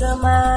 Sama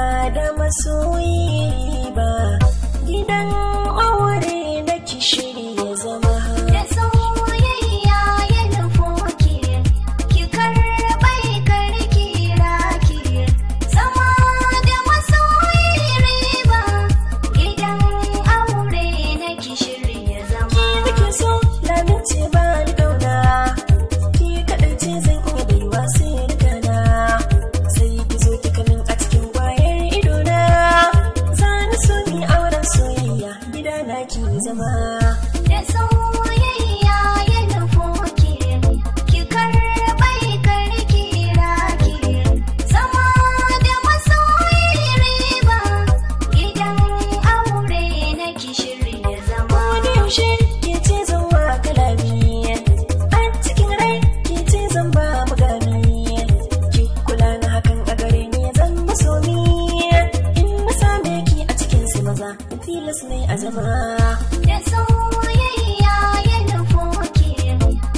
da soyayya ya nufo ki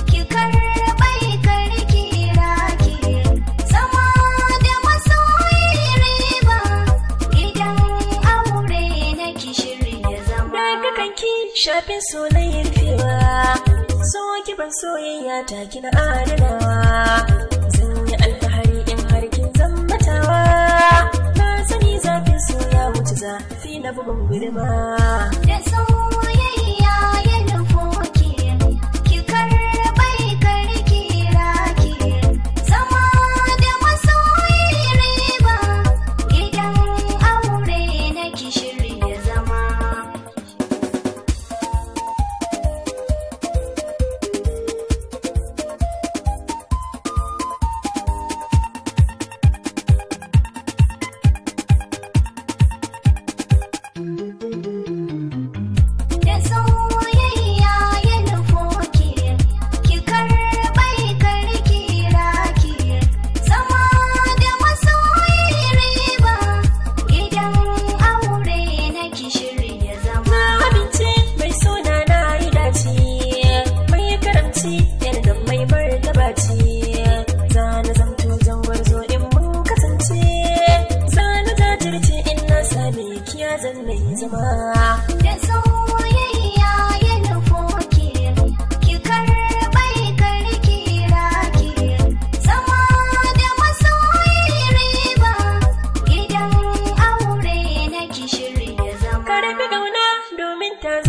ki karɓai karki raki zama da masoyi riba idan aure na gishiri shirya zama daga kanki shafin sonayin fiwa so ki ban soyayya ta kina adanawa annabi mun girma.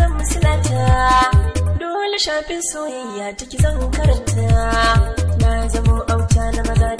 san musulata dole shafin soyayya take zan karanta na zamo auta na maza